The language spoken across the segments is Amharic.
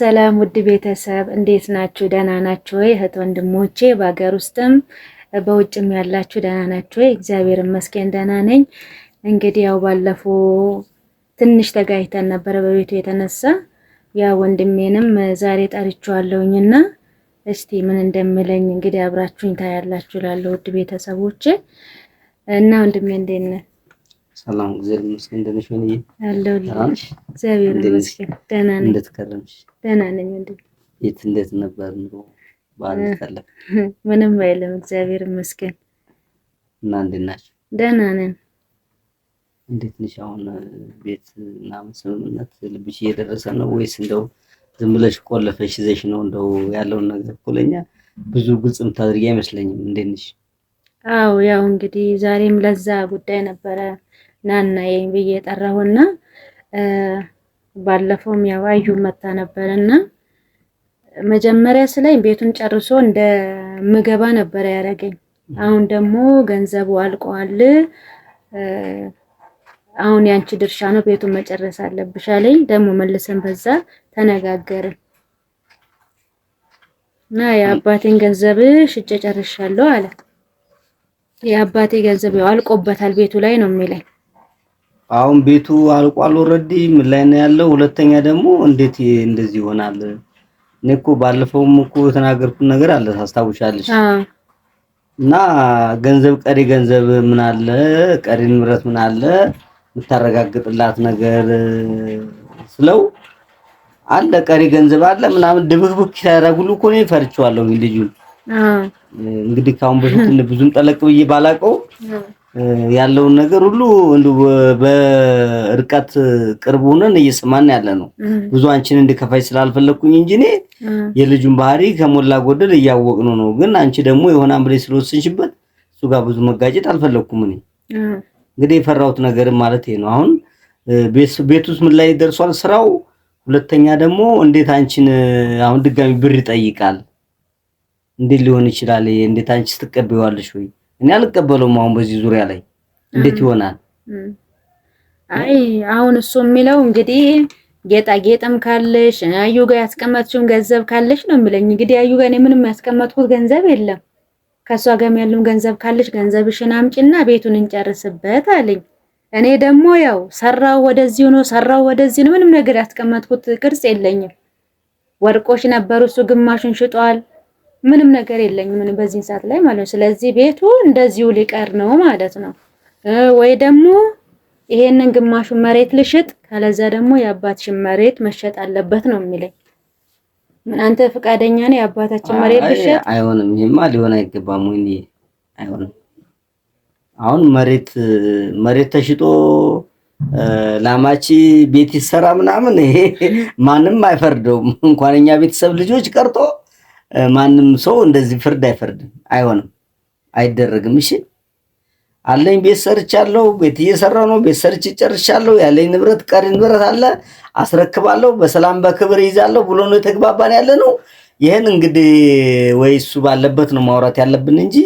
ሰላም ውድ ቤተሰብ እንዴት ናችሁ? ደህና ናችሁ ወይ? እህት ወንድሞቼ በሀገር ውስጥም በውጭም ያላችሁ ደህና ናችሁ ወይ? እግዚአብሔር ይመስገን ደህና ነኝ። እንግዲህ ያው ባለፈው ትንሽ ተጋይተን ነበረ በቤቱ የተነሳ ያ ወንድሜንም ዛሬ ጠርቼዋለሁኝና እስቲ ምን እንደምለኝ እንግዲህ አብራችሁኝ ታያላችሁ። ላለ ውድ ቤተሰቦቼ እና ወንድሜ እንዴት ነህ? ሰላም እግዚአብሔር ይመስገን። እንደነሽ ምን ያለሁልሽ? እግዚአብሔር ይመስገን ደህና ነኝ። እንዴት ከረምሽ? ደህና ነኝ። የት እንደት ነበር ኑሮ? በዓል ምንም አይልም እግዚአብሔር ይመስገን። እና እንዴት ናችሁ? ደህና ነን። እንዴት ነሽ? አሁን ቤት ምናምን ስምምነት ልብሽ እየደረሰ ነው ወይስ እንደው ዝም ብለሽ ቆለፈሽ ይዘሽ ነው? እንደው ያለውን ነገር እኮ ለእኛ ብዙ ግልጽ የምታደርጊ አይመስለኝም። እንዴት ነሽ? አዎ ያው እንግዲህ ዛሬም ለዛ ጉዳይ ነበረ ናና ይሄን ብዬ የጠራሁና ባለፈውም ያው አዩ መታ ነበርና መጀመሪያ ስለኝ ቤቱን ጨርሶ እንደ ምገባ ነበረ ያደረገኝ። አሁን ደግሞ ገንዘቡ አልቀዋል፣ አሁን ያንቺ ድርሻ ነው ቤቱን መጨረስ አለብሽ አለኝ። ደግሞ መልሰን በዛ ተነጋገርን እና የአባቴን ገንዘብ ሽጬ ጨርሻለሁ አለ። የአባቴ ገንዘብ ያው አልቆበታል ቤቱ ላይ ነው የሚለኝ አሁን ቤቱ አልቋል ኦልሬዲ ምን ላይ ነው ያለው? ሁለተኛ ደግሞ እንዴት እንደዚህ ይሆናል? እኔ እኮ ባለፈውም እኮ የተናገርኩት ነገር አለ ታስታውሻለሽ? እና ገንዘብ ቀሪ ገንዘብ ምን አለ ቀሪ ንብረት ምን አለ የምታረጋግጥላት ነገር ስለው አለ ቀሪ ገንዘብ አለ ምናምን ድብክብክ ሲያደርጉልኝ እኮ እኔ ፈርቼዋለሁ ልጁን። እንግዲህ ካሁን በፊት ብዙም ጠለቅ ብዬ ባላውቀው ያለውን ነገር ሁሉ በርቀት ቅርብ ሆነን እየሰማን ያለ ነው። ብዙ አንቺን እንድከፋይ ስላልፈለግኩኝ እንጂ እኔ የልጁን ባህሪ ከሞላ ጎደል እያወቅነው ነው። ግን አንቺ ደግሞ የሆነ አምሬ ስለወሰንሽበት እሱ ጋር ብዙ መጋጨት አልፈለግኩም። እኔ እንግዲህ የፈራሁት ነገር ማለት ነው። አሁን ቤት ውስጥ ምን ላይ ደርሷል ስራው። ሁለተኛ ደግሞ እንዴት አንቺን አሁን ድጋሚ ብር ይጠይቃል። እንዴት ሊሆን ይችላል? እንዴት አንቺ ትቀበይዋለሽ ወይ እኔ አልቀበለውም። አሁን በዚህ ዙሪያ ላይ እንዴት ይሆናል? አይ አሁን እሱ የሚለው እንግዲህ ጌጣጌጥም ካለሽ አዩ ጋር ያስቀመጥሽውን ገንዘብ ካለሽ ነው የሚለኝ። እንግዲህ አዩ ጋር እኔ ምንም ያስቀመጥኩት ገንዘብ የለም። ከእሷ ጋም ያለው ገንዘብ ካለሽ ገንዘብሽን አምጪና ቤቱን እንጨርስበት አለኝ። እኔ ደግሞ ያው ሰራው ወደዚህ ነው፣ ሰራው ወደዚህ ነው። ምንም ነገር ያስቀመጥኩት ቅርጽ የለኝም። ወርቆች ነበሩ፣ እሱ ግማሹን ሽጧል። ምንም ነገር የለኝም በዚህን ሰዓት ላይ ማለት ነው። ስለዚህ ቤቱ እንደዚሁ ሊቀር ነው ማለት ነው። ወይ ደግሞ ይሄንን ግማሹ መሬት ልሽጥ፣ ካለዛ ደግሞ የአባትሽን መሬት መሸጥ አለበት ነው የሚለኝ። ምን አንተ ፈቃደኛ ነህ? የአባታችን መሬት ልሸጥ? አይሆንም። ይሄማ ሊሆን አይገባም። ወይኔ አይሆንም። አሁን መሬት መሬት ተሽጦ ላማቺ ቤት ይሰራ ምናምን፣ ይሄ ማንም አይፈርደውም። እንኳን እኛ ቤተሰብ ልጆች ቀርቶ ማንም ሰው እንደዚህ ፍርድ አይፈርድም፣ አይሆንም፣ አይደረግም። እሺ አለኝ ቤት ሰርቻለሁ፣ ቤት እየሰራሁ ነው። ቤት ሰርች ጨርሻለሁ። ያለኝ ንብረት ቀሪ ንብረት አለ፣ አስረክባለሁ፣ በሰላም በክብር ይዛለሁ ብሎ ነው የተግባባን ያለ ነው። ይህን እንግዲህ ወይ እሱ ባለበት ነው ማውራት ያለብን እንጂ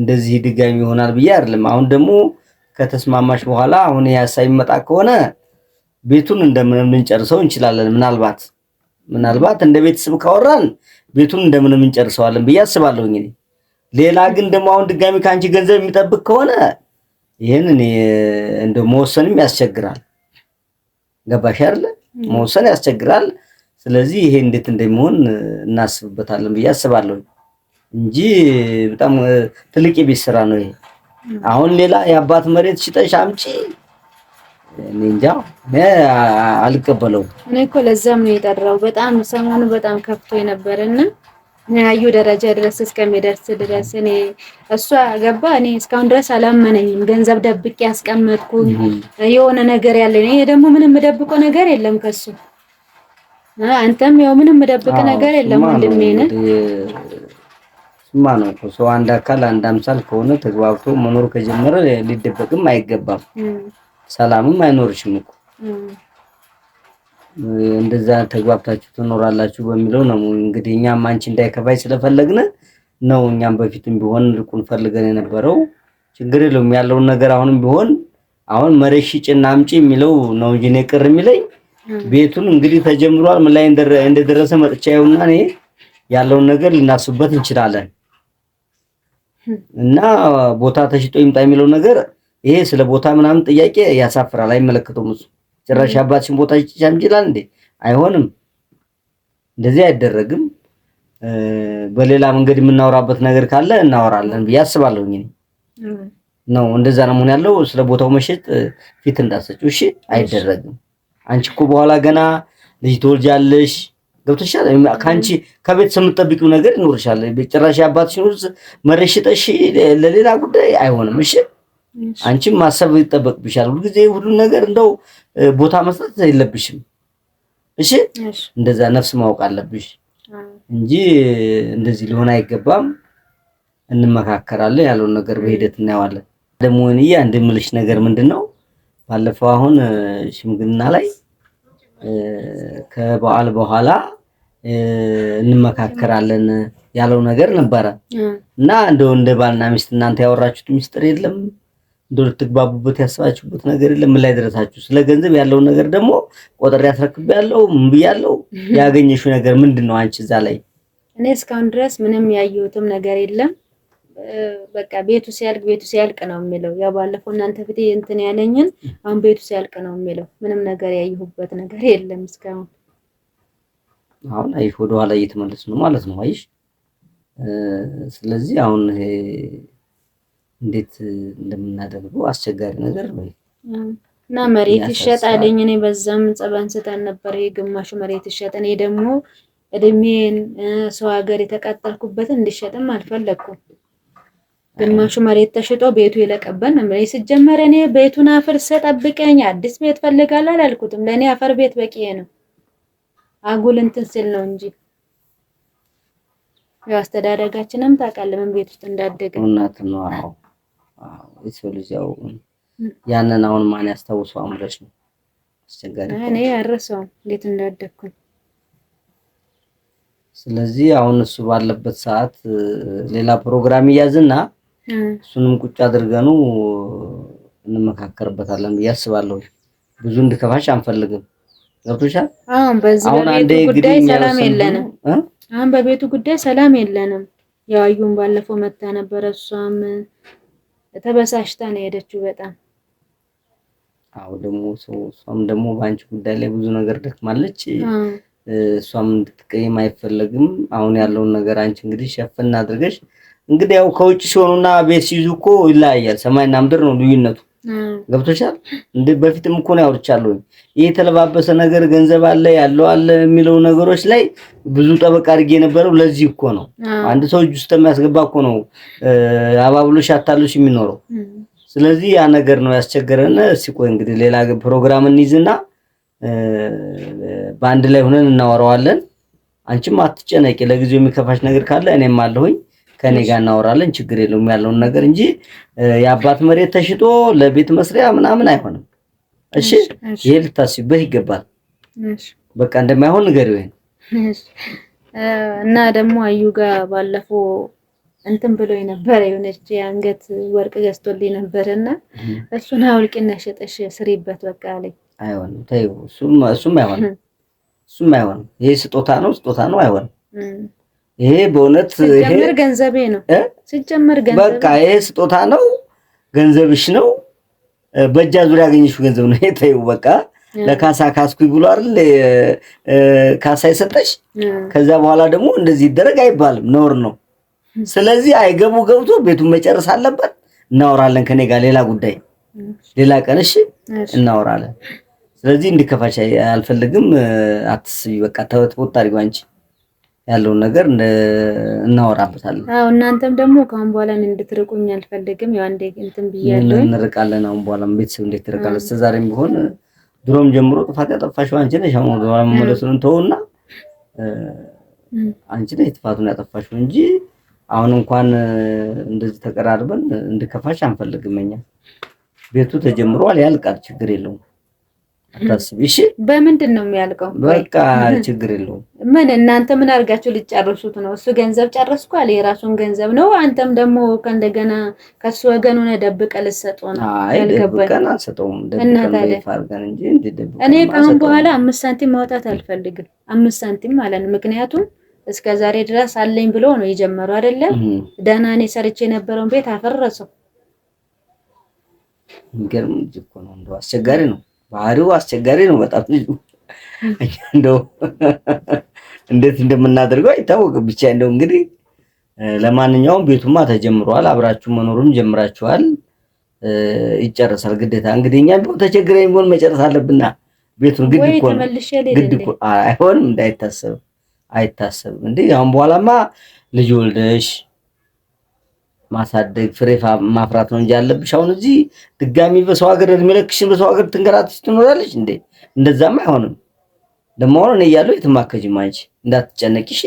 እንደዚህ ድጋሚ ይሆናል ብዬ አይደለም። አሁን ደግሞ ከተስማማሽ በኋላ አሁን ሀሳብ ይመጣ ከሆነ ቤቱን እንደምንጨርሰው እንችላለን ምናልባት ምናልባት እንደ ቤተሰብ ካወራን ቤቱን እንደምንም እንጨርሰዋለን ብዬ አስባለሁ። እንግዲህ ሌላ ግን ደግሞ አሁን ድጋሚ ከአንቺ ገንዘብ የሚጠብቅ ከሆነ ይህን እኔ እንደ መወሰንም ያስቸግራል። ገባሽ አይደለ? መወሰን ያስቸግራል። ስለዚህ ይሄ እንዴት እንደሚሆን እናስብበታለን ብዬ አስባለሁ እንጂ በጣም ትልቅ የቤት ስራ ነው ይሄ። አሁን ሌላ የአባት መሬት ሽጠሽ አምጪ እኔ እንጃ አልቀበለውም። እኔ እኮ ለዛም ነው የጠራው። በጣም ሰሞኑ በጣም ከፍቶ ነበርና ያዩ ደረጃ ድረስ እስከሚደርስ ድረስ እኔ እሷ ገባ እኔ እስካሁን ድረስ አላመነኝም። ገንዘብ ደብቄ ያስቀመጥኩኝ የሆነ ነገር ያለ እኔ ደግሞ ምንም የምደብቀው ነገር የለም ከሱ አንተም ያው ምንም የምደብቅ ነገር የለም ወንድሜ ነህ። ስማ ነው ሰው አንድ አካል አንድ አምሳል ከሆነ ተግባብቶ መኖር ከጀመረ ሊደበቅም አይገባም። ሰላምም አይኖርሽም እኮ እንደዛ ተግባብታችሁ ትኖራላችሁ በሚለው ነው እንግዲህ እኛም አንቺ እንዳይከፋይ ስለፈለግን ነው። እኛም በፊትም ቢሆን ልቁን ፈልገን የነበረው ችግር የለውም ያለውን ነገር አሁንም ቢሆን አሁን መሬት ሽጭና አምጪ የሚለው ነው እንጂ እኔ ቅር የሚለኝ ቤቱን እንግዲህ ተጀምሯል። ምን ላይ እንደደረሰ ይሁና እኔ ያለውን ነገር ልናስብበት እንችላለን እና ቦታ ተሽጦ ይምጣ የሚለው ነገር ይሄ ስለ ቦታ ምናምን ጥያቄ ያሳፍራል። አይመለከተውም እሱ ጭራሽ አባትሽን ቦታ ይጫም ይችላል እንዴ? አይሆንም፣ እንደዚህ አይደረግም። በሌላ መንገድ የምናወራበት ነገር ካለ እናወራለን ብዬ አስባለሁ። እኔ ነው እንደዛ ነው መሆን ያለው። ስለ ቦታው መሸጥ ፊት እንዳሰጭ እሺ፣ አይደረግም። አንቺ እኮ በኋላ ገና ልጅ ትወልጃለሽ። ገብተሻል። ከአንቺ ከቤት የምትጠብቂው ነገር ይኖርሻል። ጭራሽ አባትሽን ውስጥ መሬት ሽጠሽ ለሌላ ጉዳይ አይሆንም። እሺ አንቺም ማሰብ ይጠበቅብሻል። ሁልጊዜ ሁሉ ነገር እንደው ቦታ መስጠት የለብሽም። እሺ፣ እንደዛ ነፍስ ማወቅ አለብሽ እንጂ እንደዚህ ሊሆን አይገባም። እንመካከራለን ያለውን ነገር በሂደት እናየዋለን። ደግሞ እያ እንደምልሽ ነገር ምንድን ነው ባለፈው አሁን ሽምግልና ላይ ከበዓል በኋላ እንመካከራለን ያለው ነገር ነበረ እና እንደው እንደ ባልና ሚስት እናንተ ያወራችሁት ሚስጥር የለም እንደ ትግባቡበት ያሰባችሁበት ነገር የለም። ምን ላይ ደረሳችሁ? ስለ ገንዘብ ያለውን ነገር ደግሞ ቆጠር ያስረክብ ያለው ምን ብያለው? ያገኘሽው ነገር ምንድን ነው? አንቺ እዛ ላይ እኔ እስካሁን ድረስ ምንም ያየሁትም ነገር የለም። በቃ ቤቱ ሲያልቅ ቤቱ ሲያልቅ ነው የሚለው። ያው ባለፈው እናንተ ፊት እንትን ያለኝን አሁን ቤቱ ሲያልቅ ነው የሚለው። ምንም ነገር ያየሁበት ነገር የለም እስካሁን። አሁን አይሽ ወደኋላ እየተመለሱ ነው ማለት ነው አይሽ። ስለዚህ አሁን እንዴት እንደምናደርገው አስቸጋሪ ነገር ነው እና መሬት ይሸጥ አለኝ። እኔ በዛም ጸባ አንስተን ነበር የግማሽ መሬት ይሸጥ። እኔ ደግሞ እድሜን ሰው ሀገር የተቃጠልኩበትን እንዲሸጥም አልፈለግኩም። ግማሹ መሬት ተሽጦ ቤቱ ይለቀበን ነበር። ሲጀመር እኔ ቤቱን አፈር ሰጠብቀኝ አዲስ ቤት ፈልጋል አላልኩትም። ለእኔ አፈር ቤት በቂ ነው። አጉል እንትን ስል ነው እንጂ ያው አስተዳደጋችንም ታውቃለህ ምን ቤት ውስጥ እንዳደገ እውነት ነው። የሰው ልጅ ያው ያንን አሁን ማን ያስታውሰው አምረሽ ነው አስቸጋሪ። እኔ አረሰውም እንዴት እንዳደግኩኝ። ስለዚህ አሁን እሱ ባለበት ሰዓት ሌላ ፕሮግራም እያዝና እሱንም ቁጭ አድርገኑ እንመካከርበታለን ብዬ አስባለሁ። ብዙ እንድከፋሽ አንፈልግም። ገብቶሻል? አሁን በዚህ በቤቱ ጉዳይ ሰላም የለንም። አሁን በቤቱ ጉዳይ ሰላም የለንም። ባለፈው መታ ነበረ እሷም ተበሳሽታ ነው የሄደችው። በጣም አዎ። ደግሞ እሷም ደግሞ በአንቺ ጉዳይ ላይ ብዙ ነገር ደክማለች። እሷም እንድትቀይም አይፈለግም። አሁን ያለውን ነገር አንቺ እንግዲህ ሸፍና አድርገሽ እንግዲህ ያው ከውጭ ሲሆኑና ቤት ሲይዙ እኮ ይለያያል። ሰማይና ምድር ነው ልዩነቱ። ገብቶሻል። በፊትም እኮ ነው ያወርቻለሁ። ይህ የተለባበሰ ነገር ገንዘብ አለ ያለው አለ የሚለው ነገሮች ላይ ብዙ ጠበቃ አድርጌ የነበረው ለዚህ እኮ ነው። አንድ ሰው እጅ ውስጥ የሚያስገባ እኮ ነው አባብሎሽ አታሎሽ የሚኖረው። ስለዚህ ያ ነገር ነው ያስቸገረን። እስኪ እንግዲህ ሌላ ፕሮግራም እንይዝና በአንድ ላይ ሆነን እናወራዋለን። አንቺም አትጨነቂ። ለጊዜው የሚከፋሽ ነገር ካለ እኔም አለሁኝ። ከኔ ጋር እናወራለን፣ ችግር የለውም ያለውን ነገር እንጂ የአባት መሬት ተሽጦ ለቤት መስሪያ ምናምን አይሆንም። እሺ፣ ይሄ ልታስቢበት ይገባል። በቃ እንደማይሆን ንገሪው ይሄን እና ደግሞ አዩ ጋር ባለፈው እንትን ብሎኝ ነበረ። የሆነች የአንገት ወርቅ ገዝቶልኝ ነበርና እሱን አውልቂና ሸጠሽ ስሪበት በቃ አለኝ። አይሆንም፣ ተይው፣ እሱም አይሆንም፣ እሱም አይሆንም። ይሄ ስጦታ ነው፣ ስጦታ ነው፣ አይሆንም። ይሄ በእውነት ሲጀመር ገንዘቤ ነው። ሲጀመር ገንዘብ በቃ ይሄ ስጦታ ነው፣ ገንዘብሽ ነው። በእጃ ዙሪያ ያገኘሽው ገንዘብ ነው። ይሄ ተይው በቃ ለካሳ ካስኩኝ ብሎ አይደል ካሳ የሰጠሽ። ከዛ በኋላ ደግሞ እንደዚህ ይደረግ አይባልም፣ ነውር ነው። ስለዚህ አይገቡ ገብቶ ቤቱን መጨረስ አለበት። እናወራለን ከኔ ጋር ሌላ ጉዳይ ሌላ ቀን እሺ፣ እናወራለን። ስለዚህ እንዲከፋሽ አልፈልግም። አትስቢ በቃ ተወት ቦታ አድርጊው አንቺ ያለውን ነገር እናወራበታለን። አዎ እናንተም ደግሞ ከአሁን በኋላ እንድትርቁኝ አልፈልግም። ያው አንዴ እንትን ብያለሁ። እንርቃለን። አሁን በኋላ ቤተሰብ እንዴት ትርቃለች? እስከዛሬም ቢሆን ድሮም ጀምሮ ጥፋት ያጠፋሽው አንቺ ነሽ። አሁን በኋላ መመለሱን ተውና አንቺ ነሽ ጥፋቱን ያጠፋሽው እንጂ አሁን እንኳን እንደዚህ ተቀራርበን እንድከፋሽ አንፈልግም። እኛ ቤቱ ተጀምሯል፣ ያልቃል፣ ችግር የለውም። አታስቢ እሺ። በምንድን ነው የሚያልቀው? በቃ ችግር የለውም። ምን እናንተ ምን አድርጋችሁ ልጨርሱት ነው? እሱ ገንዘብ ጨረስኳል፣ የራሱን ገንዘብ ነው። አንተም ደግሞ ከእንደገና ከሱ ወገን ሆነ ደብቀ ልትሰጡ ነው? ደብቀን እኔ ከአሁን በኋላ አምስት ሳንቲም ማውጣት አልፈልግም። አምስት ሳንቲም ማለት ነው። ምክንያቱም እስከ ዛሬ ድረስ አለኝ ብሎ ነው የጀመሩ አይደለም። ደህና እኔ ሰርቼ የነበረውን ቤት አፈረሰው። የሚገርም እኮ ነው። እንደው አስቸጋሪ ነው ባህሪው አስቸጋሪ ነው በጣም ልጁ። እንደው እንዴት እንደምናደርገው አይታወቅም። ብቻ እንደው እንግዲህ ለማንኛውም ቤቱማ ተጀምሯል። አብራችሁ መኖሩም ጀምራችኋል። ይጨረሳል ግዴታ። እንግዲህ እኛ ቢሆን ተቸግረን ቢሆን መጨረስ አለብና ቤቱን ግድ እኮ ግድ እኮ አይሆንም። እንዳይታሰብ አይታሰብም። እንዲህ አሁን በኋላማ ልጅ ወልደሽ ማሳደግ ፍሬ ማፍራት ነው እንጂ ያለብሽ። አሁን እዚህ ድጋሚ በሰው ሀገር እድሜ ልክሽን በሰው ሀገር ትንገራትሽ ትኖራለች እንዴ? እንደዛም አይሆንም። ደግሞ አሁን እኔ እያለሁ የትም አትከጂም አንቺ እንዳትጨነቂሽ።